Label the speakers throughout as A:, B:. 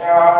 A: there are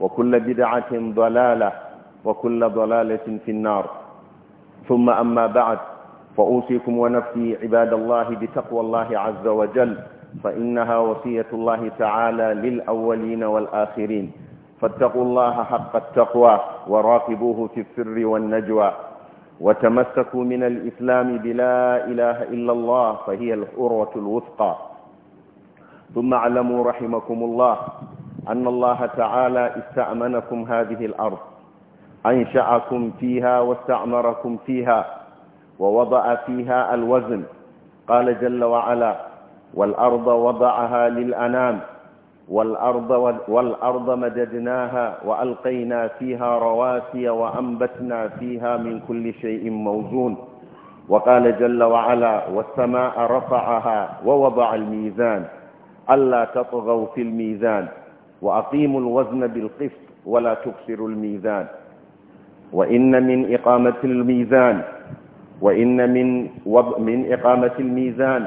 A: وكل بدعة ضلالة وكل ضلالة في النار ثم أما بعد فأوصيكم ونفسي عباد الله بتقوى الله عز وجل فإنها وصية الله تعالى للأولين والآخرين فاتقوا الله حق التقوى وراقبوه في السر والنجوى وتمسكوا من الإسلام بلا إله إلا الله فهي الأروة الوثقى ثم اعلموا رحمكم الله أن الله تعالى استأمنكم هذه الأرض أنشأكم فيها واستعمركم فيها ووضع فيها الوزن قال جل وعلا والأرض وضعها للأنام والأرض, والأرض مددناها وألقينا فيها رواسي وأنبتنا فيها من كل شيء موزون وقال جل وعلا والسماء رفعها ووضع الميزان ألا تطغوا في الميزان وأقيموا الوزن بالقسط ولا تكسروا الميزان وإن من إقامة الميزان وإن من وض... من إقامة الميزان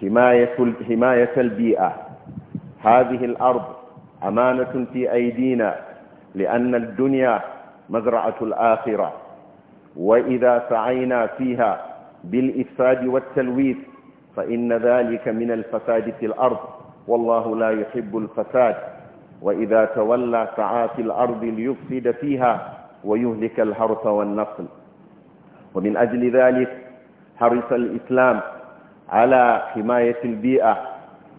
A: حماية حماية البيئة هذه الأرض أمانة في أيدينا لأن الدنيا مزرعة الآخرة وإذا سعينا فيها بالإفساد والتلويث فإن ذلك من الفساد في الأرض والله لا يحب الفساد وإذا تولى سعى في الأرض ليفسد فيها ويهلك الحرث والنسل ومن أجل ذلك حرص الإسلام على حماية البيئة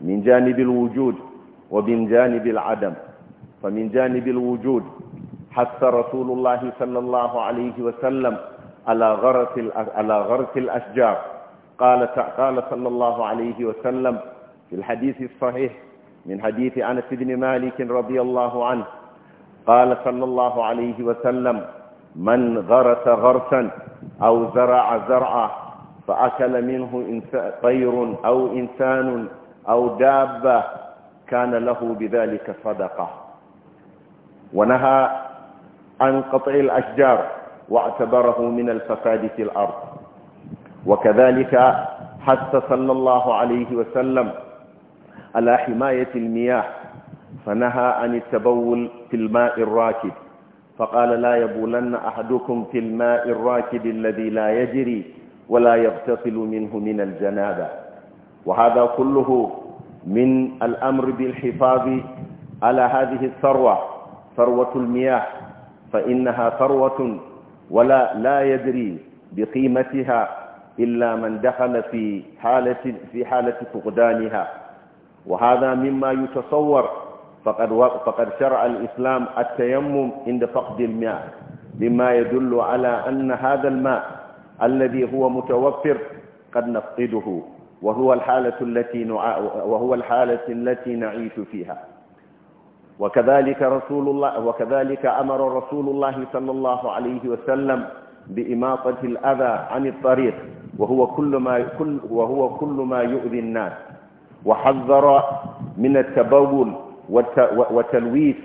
A: من جانب الوجود ومن جانب العدم فمن جانب الوجود حث رسول الله صلى الله عليه وسلم على غرس على غرس الأشجار قال قال صلى الله عليه وسلم في الحديث الصحيح من حديث أنس بن مالك رضي الله عنه قال صلى الله عليه وسلم من غرس غرسا أو زرع زرعا فأكل منه طير أو إنسان أو دابة كان له بذلك صدقة ونهى عن قطع الأشجار واعتبره من الفساد في الأرض وكذلك حتى صلى الله عليه وسلم على حماية المياه فنهى عن التبول في الماء الراكد فقال لا يبولن أحدكم في الماء الراكد الذي لا يجري ولا يغتسل منه من الجنابة وهذا كله من الأمر بالحفاظ على هذه الثروة ثروة المياه فإنها ثروة ولا لا يدري بقيمتها إلا من دخل في حالة, في حالة فقدانها وهذا مما يتصور فقد, فقد شرع الإسلام التيمم عند فقد الماء مما يدل على أن هذا الماء الذي هو متوفر قد نفقده وهو الحالة التي نع... وهو الحالة التي نعيش فيها وكذلك رسول الله وكذلك أمر رسول الله صلى الله عليه وسلم بإماطة الأذى عن الطريق وهو كل ما كل وهو كل ما يؤذي الناس وحذر من التبول وتلويث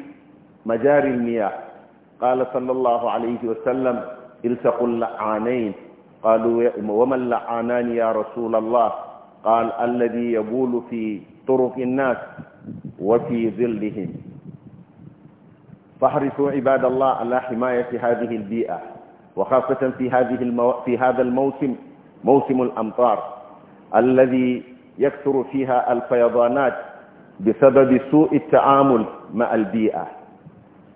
A: مجاري المياه قال صلى الله عليه وسلم التقوا اللعانين قالوا وما اللعانان يا رسول الله قال الذي يبول في طرق الناس وفي ظلهم فاحرصوا عباد الله على حماية هذه البيئة وخاصة في هذه المو... في هذا الموسم موسم الأمطار الذي يكثر فيها الفيضانات بسبب سوء التعامل مع البيئة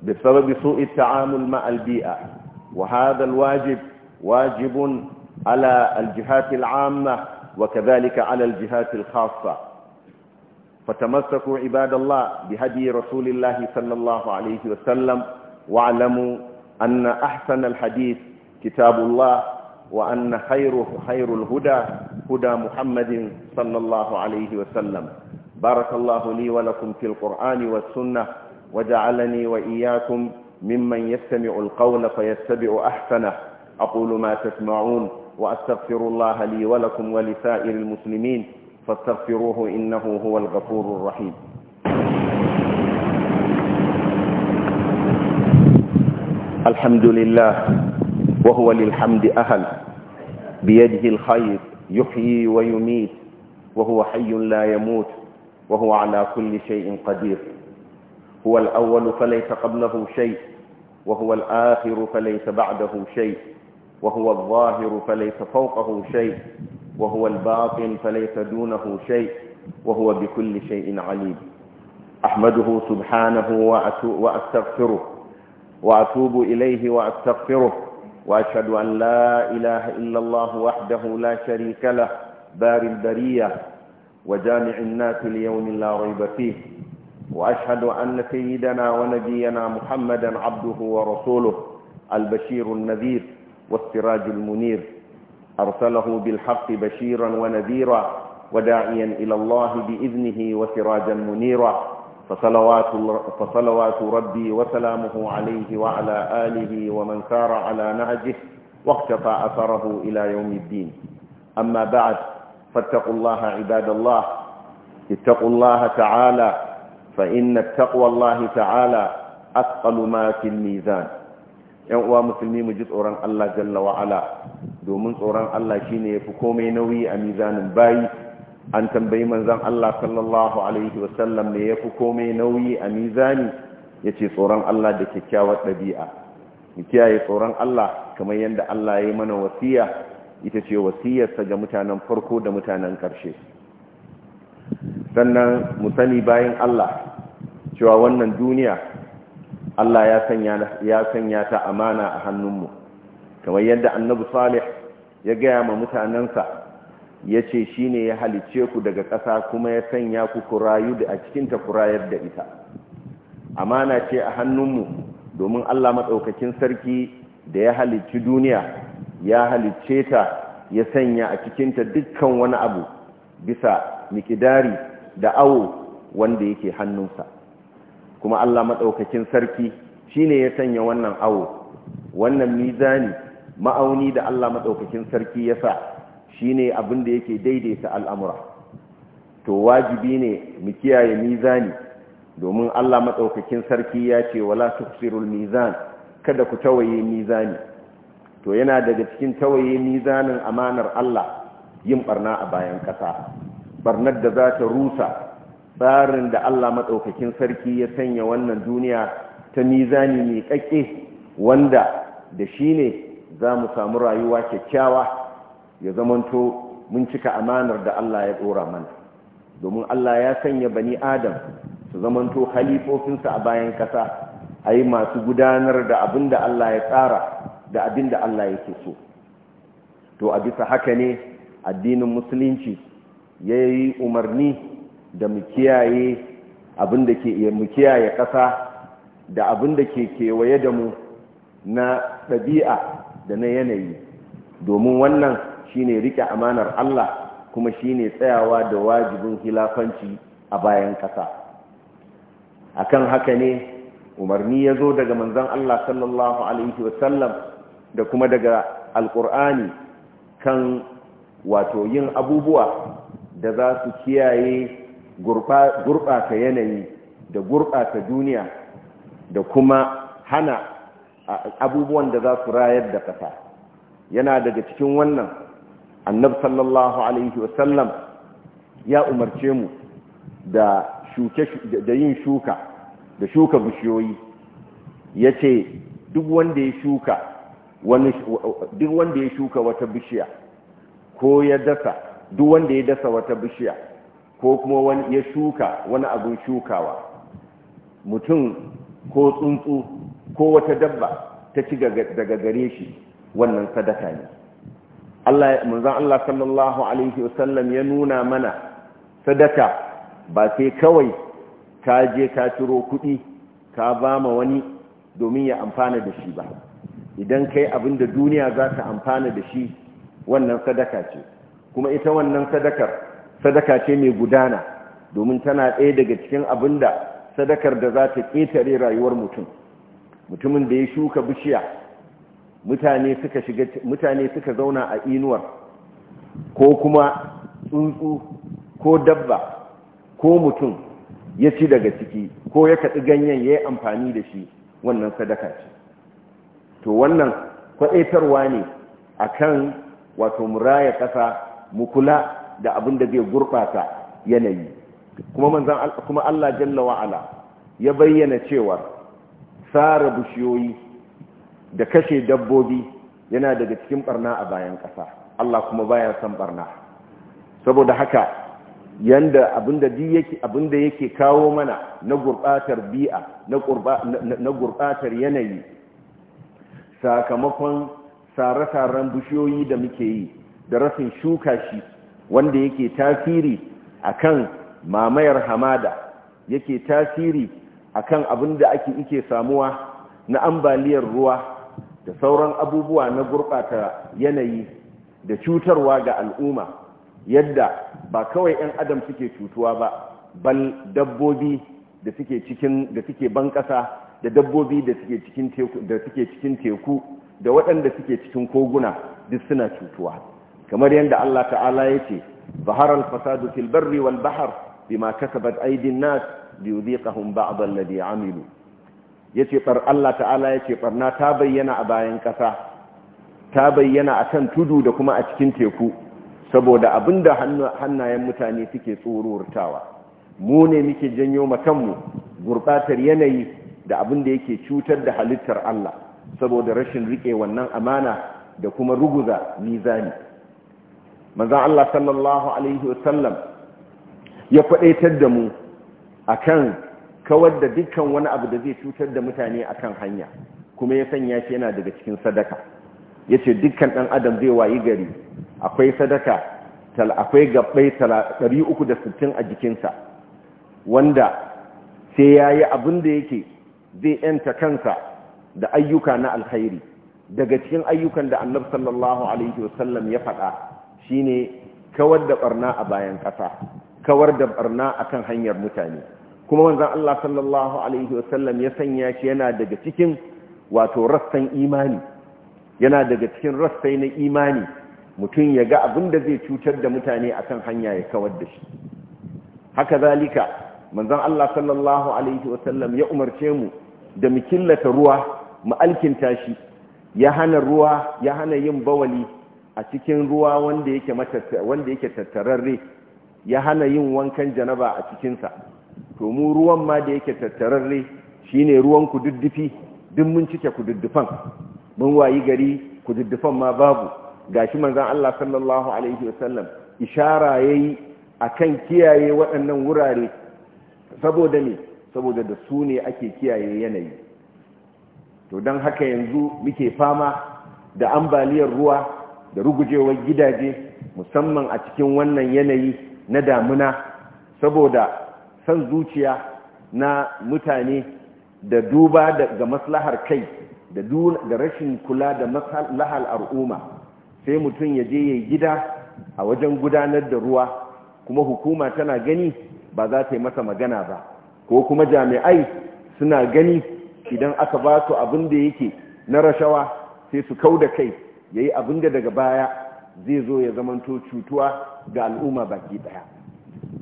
A: بسبب سوء التعامل مع البيئة وهذا الواجب واجب على الجهات العامة وكذلك على الجهات الخاصة فتمسكوا عباد الله بهدي رسول الله صلى الله عليه وسلم واعلموا أن أحسن الحديث كتاب الله وأن خيره خير الهدى هدى محمد صلى الله عليه وسلم بارك الله لي ولكم في القرآن والسنة وجعلني وإياكم ممن يستمع القول فيتبع أحسنه أقول ما تسمعون وأستغفر الله لي ولكم ولسائر المسلمين فاستغفروه إنه هو الغفور الرحيم الحمد لله وهو للحمد أهل بيده الخير يحيي ويميت وهو حي لا يموت وهو على كل شيء قدير هو الأول فليس قبله شيء وهو الآخر فليس بعده شيء وهو الظاهر فليس فوقه شيء وهو الباطن فليس دونه شيء وهو بكل شيء عليم أحمده سبحانه وأستغفره وأتوب إليه وأستغفره وأشهد أن لا إله إلا الله وحده لا شريك له بار البرية وجامع الناس ليوم لا ريب فيه وأشهد أن سيدنا ونبينا محمدا عبده ورسوله البشير النذير والسراج المنير أرسله بالحق بشيرا ونذيرا وداعيا إلى الله بإذنه وسراجا منيرا فصلوات, فصلوات ربي وسلامه عليه وعلى آله ومن سار على نهجه واقتفى أثره إلى يوم الدين أما بعد فاتقوا الله عباد الله اتقوا الله تعالى فإن التقوى الله تعالى أثقل ما في الميزان yan uwa musulmi اوران الله جل وعلا jalla wa'ala اوران الله شيني shine yafi komai nauyi an tambayi manzan Allah sallallahu alaihi wasallam ne ya fi komai nauyi a mizani ya ce tsoron Allah da kyakkyawar ɗabi'a mu kiyaye tsoron Allah kamar yadda Allah ya yi mana wasiya ita ce wasiyarsa ga mutanen farko da mutanen ƙarshe sannan mu sani bayan Allah cewa wannan duniya Allah ya sanya ta amana a hannunmu kamar yadda annabi salih ya gaya ma mutanensa ya ce shi ne ya halice ku daga ƙasa kuma ya sanya ku kurayu da a cikinta kurayar da ita amana ce a hannunmu domin allah maɗaukakin sarki da ya halicci duniya ya halicce ta ya sanya a cikinta dukkan wani abu bisa mikidari da awo wanda yake hannunsa kuma allah maɗaukakin sarki shi ne ya sanya wannan awo wannan mizani ma'auni da allah maɗaukakin sarki ya sa shine abin da yake daidaita al'amura to wajibi ne mu kiyaye mizani domin Allah matsaukakin sarki ya ce wala tuksirul mizan kada ku tawaye mizani to yana daga cikin tawaye mizanin amanar Allah yin barna a bayan ƙasa, barnar da za ta rusa tsarin da Allah matsaukakin sarki ya sanya wannan duniya ta mizani mai ƙaƙƙe wanda da shi ne za mu samu rayuwa kyakkyawa ya zamanto mun cika amanar da Allah ya dora mana domin Allah ya sanya bani adam su zamanto halifofinsa a bayan kasa ayi masu gudanar da abin Allah ya tsara da abin da Allah yake so to a bisa haka ne addinin musulunci ya yi umarni da mu kiyaye abin da ke mu kiyaye kasa da abin da ke kewaye da mu na ɗabi'a da na yanayi domin wannan shine rike amanar Allah kuma shine tsayawa da wajibin hilafanci a bayan ƙasa akan haka ne umarni ya zo daga manzon Allah sallallahu alaihi wasallam da kuma daga alƙur'ani kan wato yin abubuwa da za su kiyaye gurɓata yanayi da gurɓata duniya da kuma hana abubuwan da za su rayar da ƙasa yana daga cikin wannan annab sallallahu alaihi wasallam ya umarce mu da shuke da yin shuka da shuka bishiyoyi ya ce duk wanda ya shuka duk wanda ya shuka wata bishiya ko ya dasa duk wanda ya dasa wata bishiya ko kuma wani ya shuka wani abin shukawa mutum ko tsuntsu ko wata dabba ta ci daga gare shi wannan sadaka ne Allah manzon Allah sallallahu alaihi wasallam ya nuna mana sadaka ba sai kawai ka je ka ciro kuɗi ka ba ma wani domin ya amfana da shi ba idan kai abin da duniya za ta amfana da shi wannan sadaka ce kuma ita wannan sadakar sadaka ce mai gudana domin tana ɗaya daga cikin abin da sadakar da za ta ƙetare rayuwar mutum mutumin da ya shuka bishiya mutane suka shiga mutane suka zauna a inuwar ko kuma tsuntsu ko dabba ko mutum ya ci daga ciki ko ya kaɗi ganyen ya yi amfani da shi wannan sadaka ce to wannan kwaɗaitarwa ne a kan wato muraya ƙasa mu kula da abin da zai gurɓata yanayi kuma Allah jalla wa'ala ya bayyana cewar tsara bishiyoyi da kashe dabbobi yana daga cikin barna a bayan ƙasa Allah kuma baya san barna saboda haka yanda abinda duk yake abinda yake kawo mana na gurbatar bi'a na na gurbatar yanayi sakamakon sare-saren bishiyoyi da muke yi da rasin shuka shi wanda yake tasiri akan mamayar hamada yake tasiri akan abinda ake ike samuwa na ambaliyar ruwa da sauran abubuwa na gurɓata yanayi da cutarwa ga al'umma yadda ba kawai 'yan adam suke cutuwa ba bal dabbobi da suke cikin da suke bankasa da dabbobi da suke cikin teku da suke cikin teku da waɗanda suke cikin koguna duk suna cutuwa kamar yadda Allah ta'ala Ya bahar al-fasadu fil barri wal bahar, bima kasabat aydin nas liyudhiqahum ba'd alladhi 'amilu yace bar Allah ta'ala yace barna ta bayyana a bayan ƙasa ta bayyana a kan tudu da kuma a cikin teku saboda abinda hannayen mutane suke tsorortawa mu ne muke janyo ma kanmu gurbatar yanayi da abinda yake cutar da halittar Allah saboda rashin rike wannan amana da kuma ruguza mizani manzon Allah sallallahu alaihi wasallam ya faɗaitar da mu akan kawar da dukkan wani abu da zai cutar da mutane a kan hanya kuma ya sanya shi yana daga cikin sadaka yace dukkan ɗan adam zai wayi gari akwai sadaka tal akwai gabbai 360 a jikinsa wanda sai ya yi abin da yake zai yanta kansa da ayyuka na alkhairi daga cikin ayyukan da Annabi sallallahu alaihi wasallam ya faɗa shine kawar da barna a bayan ƙasa kawar da barna kan hanyar mutane kuma manzon Allah sallallahu alaihi wasallam ya sanya shi yana daga cikin wato rassan imani yana daga cikin rassai na imani mutum ya ga abin da zai cutar da mutane akan hanya ya kawar da shi haka zalika manzon Allah sallallahu alaihi wasallam ya umarce mu da mu killata ruwa mu alkinta shi ya hana ruwa ya hana yin bawali a cikin ruwa wanda yake wanda yake tattararre ya hana yin wankan janaba a cikinsa to mu ruwan ma da yake tattararre shine ruwan kududdufi duk mun cike kududdufan mun wayi gari kududdufan ma babu gashi manzon Allah sallallahu alaihi wasallam ishara yayi akan kiyaye waɗannan wurare saboda ne saboda da su ne ake kiyaye yanayi to don haka yanzu muke fama da ambaliyar ruwa da rugujewar gidaje musamman a cikin wannan yanayi na damuna saboda san zuciya na mutane da duba ga maslahar kai da rashin kula da maslahar al'umma sai mutum ya je ya gida a wajen gudanar da ruwa kuma hukuma tana gani ba za ta yi masa magana ba ko kuma jami'ai suna gani idan aka ba su abin da yake na rashawa sai su kau da kai ya yi abin da daga baya zai zo ya zamanto cutuwa ga al'umma baki daya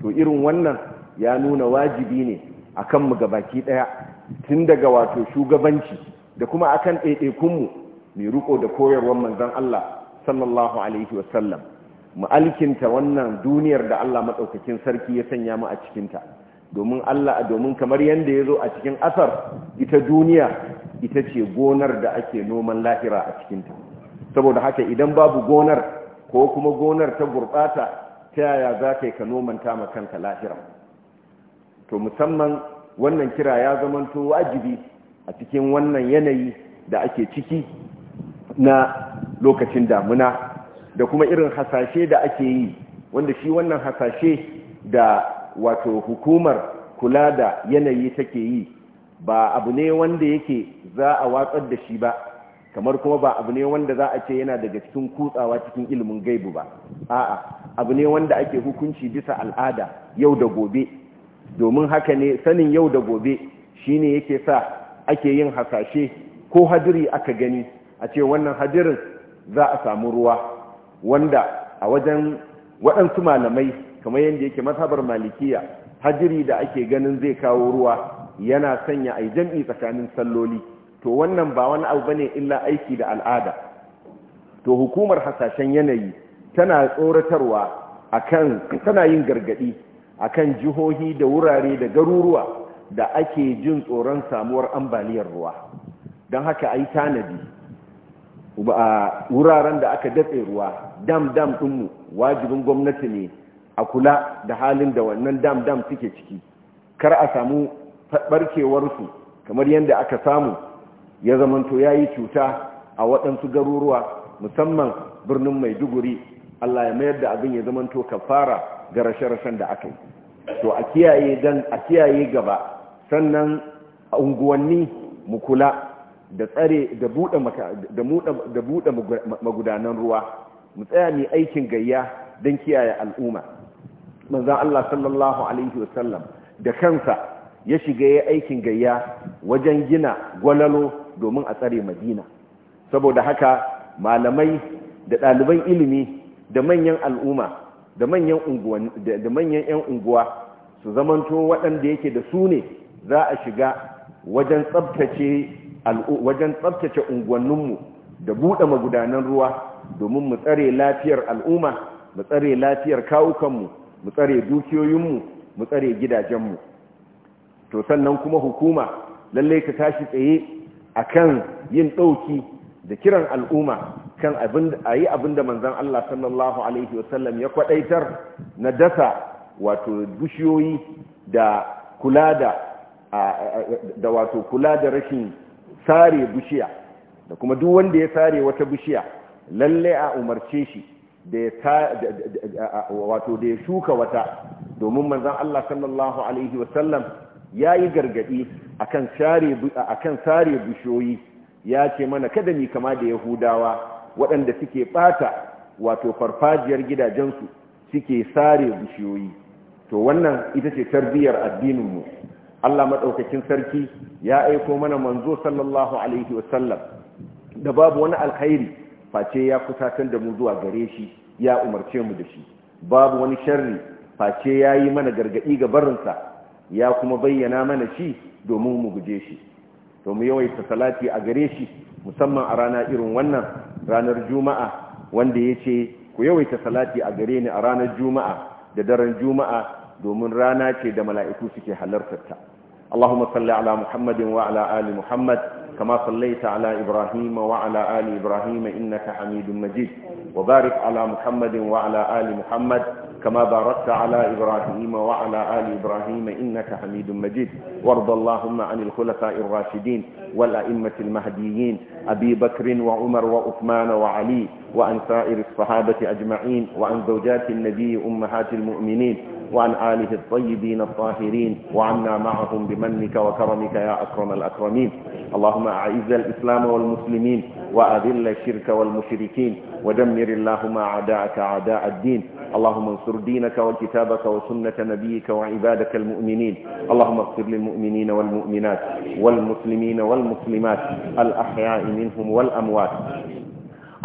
A: to irin wannan ya nuna wajibi ne a kanmu baki ɗaya tun daga wato shugabanci da kuma akan ɗaiɗaikunmu mai riko da koyarwar manzon Allah sallallahu alaihi wasallam mu alkinta wannan duniyar da Allah maɗaukakin sarki ya sanya mu a cikinta domin Allah domin kamar yadda ya zo a cikin asar ita duniya ita ce gonar da ake noman lahira a cikinta saboda haka idan babu gonar ko kuma gonar ta gurɓata ta yaya za ka yi ka nomanta ma kanka lahira to musamman wannan kira ya zamanto wajibi a cikin wannan yanayi da ake ciki na lokacin damuna da kuma irin hasashe da ake yi wanda shi wannan hasashe da wato hukumar kula da yanayi take yi ba abu ne wanda yake za a watsar da shi ba kamar kuma ba abu ne wanda za a ce yana daga cikin kutsawa cikin ilimin gaibu ba a'a abu ne wanda ake hukunci bisa al'ada yau da gobe domin haka ne sanin yau da gobe shine yake sa ake yin hasashe ko hadiri aka gani a ce wannan hadirin za a samu ruwa wanda a wajen waɗansu malamai kamar yadda yake mazhabar malikiya hadiri da ake ganin zai kawo ruwa yana sanya a yi jam'i tsakanin salloli to wannan ba wani abu bane illa aiki da al'ada to hukumar hasashen yanayi tana tsoratarwa akan tana yin gargaɗi akan jihohi da wurare da garuruwa da ake jin tsoron samuwar ambaliyar ruwa don haka a yi tanadi a wuraren da aka datse ruwa dam dam dinmu wajibin gwamnati ne a kula da halin da wannan dam dam suke ciki kar a samu ɓarkewarsu kamar yadda aka samu ya zamanto ya yi cuta a waɗansu garuruwa musamman birnin maiduguri allah ya mayar da abin ya zamanto kafara ga rashe-rashen da aka yi to a kiyaye dan a kiyaye gaba sannan unguwanni mu kula da tsare da buɗe magudanan ruwa mu tsaya mai aikin gayya don kiyaye al'umma manzan Allah sallallahu alaihi wasallam da kansa ya shiga ya aikin gayya wajen gina gwalalo domin a tsare madina saboda haka malamai da ɗaliban ilimi da manyan al'umma da manyan yan unguwa su zamanto waɗanda yake da su ne za a shiga wajen tsabtace unguwanninmu da buɗe magudanan ruwa domin mu tsare lafiyar al'umma mu tsare lafiyar kawukanmu mu tsare dukiyoyinmu mu tsare gidajenmu to sannan kuma hukuma lallai ka tashi tsaye akan yin ɗauki da kiran al'umma kan abin a yi abin da manzon Allah sallallahu alaihi wasallam ya kwadaitar na dasa wato bishiyoyi da kula da da wato kula da rashin sare bushiya da kuma duk wanda ya sare wata bushiya lalle a umarce shi da ya wato da ya shuka wata domin manzon Allah sallallahu alaihi wasallam yi gargadi akan sare akan sare bishiyoyi ya ce mana kada ni kama da yahudawa waɗanda suke ɓata wato farfajiyar gidajensu suke sare bishiyoyi to wannan ita ce tarbiyyar addininmu Allah maɗaukakin sarki ya aiko mana manzo sallallahu alaihi wasallam da babu wani alkhairi face ya kusatar da mu zuwa gare shi ya umarce mu da shi babu wani sharri face ya yi mana gargaɗi ga barinsa ya kuma bayyana mana shi domin mu guje shi to mu ta salati a gare shi musamman a rana irin wannan ranar juma'a wanda ya ce ku yawaita salati a gare ni a ranar juma'a da daren juma'a domin rana ce da mala'iku suke halartarta Allahumma salli ala Muhammadin wa ala ali Muhammad كما صليت على إبراهيم وعلى آل إبراهيم إنك حميد مجيد وبارك على محمد وعلى آل محمد كما باركت على إبراهيم وعلى آل إبراهيم إنك حميد مجيد وارض اللهم عن الخلفاء الراشدين والأئمة المهديين أبي بكر وعمر وعثمان وعلي وعن سائر الصحابة أجمعين وعن زوجات النبي أمهات المؤمنين وعن آله الطيبين الطاهرين وعنا معهم بمنك وكرمك يا أكرم الأكرمين اللهم أعز الإسلام والمسلمين وأذل الشرك والمشركين ودمر اللهم أعداءك أعداء الدين اللهم انصر دينك وكتابك وسنة نبيك وعبادك المؤمنين اللهم اغفر للمؤمنين والمؤمنات والمسلمين والمسلمات الأحياء منهم والأموات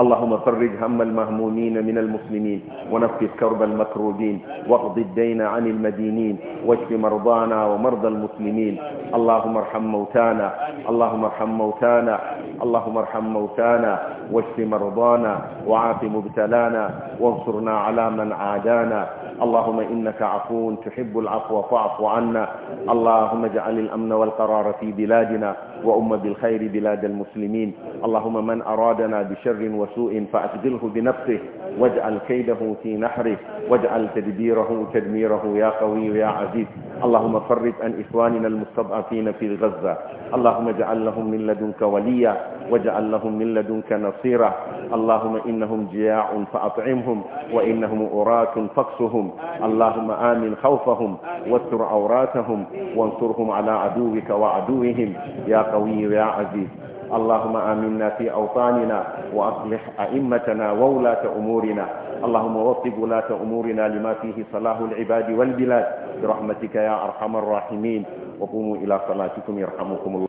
A: اللهم فرج هم المهمومين من المسلمين ونفس كرب المكروبين واقض الدين عن المدينين واشف مرضانا ومرضى المسلمين اللهم ارحم موتانا اللهم ارحم موتانا اللهم ارحم موتانا واشف مرضانا وعاف مبتلانا وانصرنا على من عادانا اللهم إنك عفو تحب العفو فاعف عنا اللهم اجعل الأمن والقرار في بلادنا وأم بالخير بلاد المسلمين اللهم من أرادنا بشر وسوء فأشغله بنفسه واجعل كيده في نحره واجعل تدبيره تدميره يا قوي يا عزيز اللهم فرج عن إخواننا المستضعفين في غزة اللهم اجعل لهم من لدنك وليا واجعل لهم من لدنك نصيرا اللهم إنهم جياع فأطعمهم وإنهم أراة فاقصهم اللهم آمن خوفهم واستر عوراتهم وانصرهم على عدوك وعدوهم يا قوي يا عزيز اللهم آمنا في أوطاننا وأصلح أئمتنا وولاة أمورنا اللهم وفق ولاة أمورنا لما فيه صلاح العباد والبلاد برحمتك يا أرحم الراحمين وقوموا إلى صلاتكم يرحمكم الله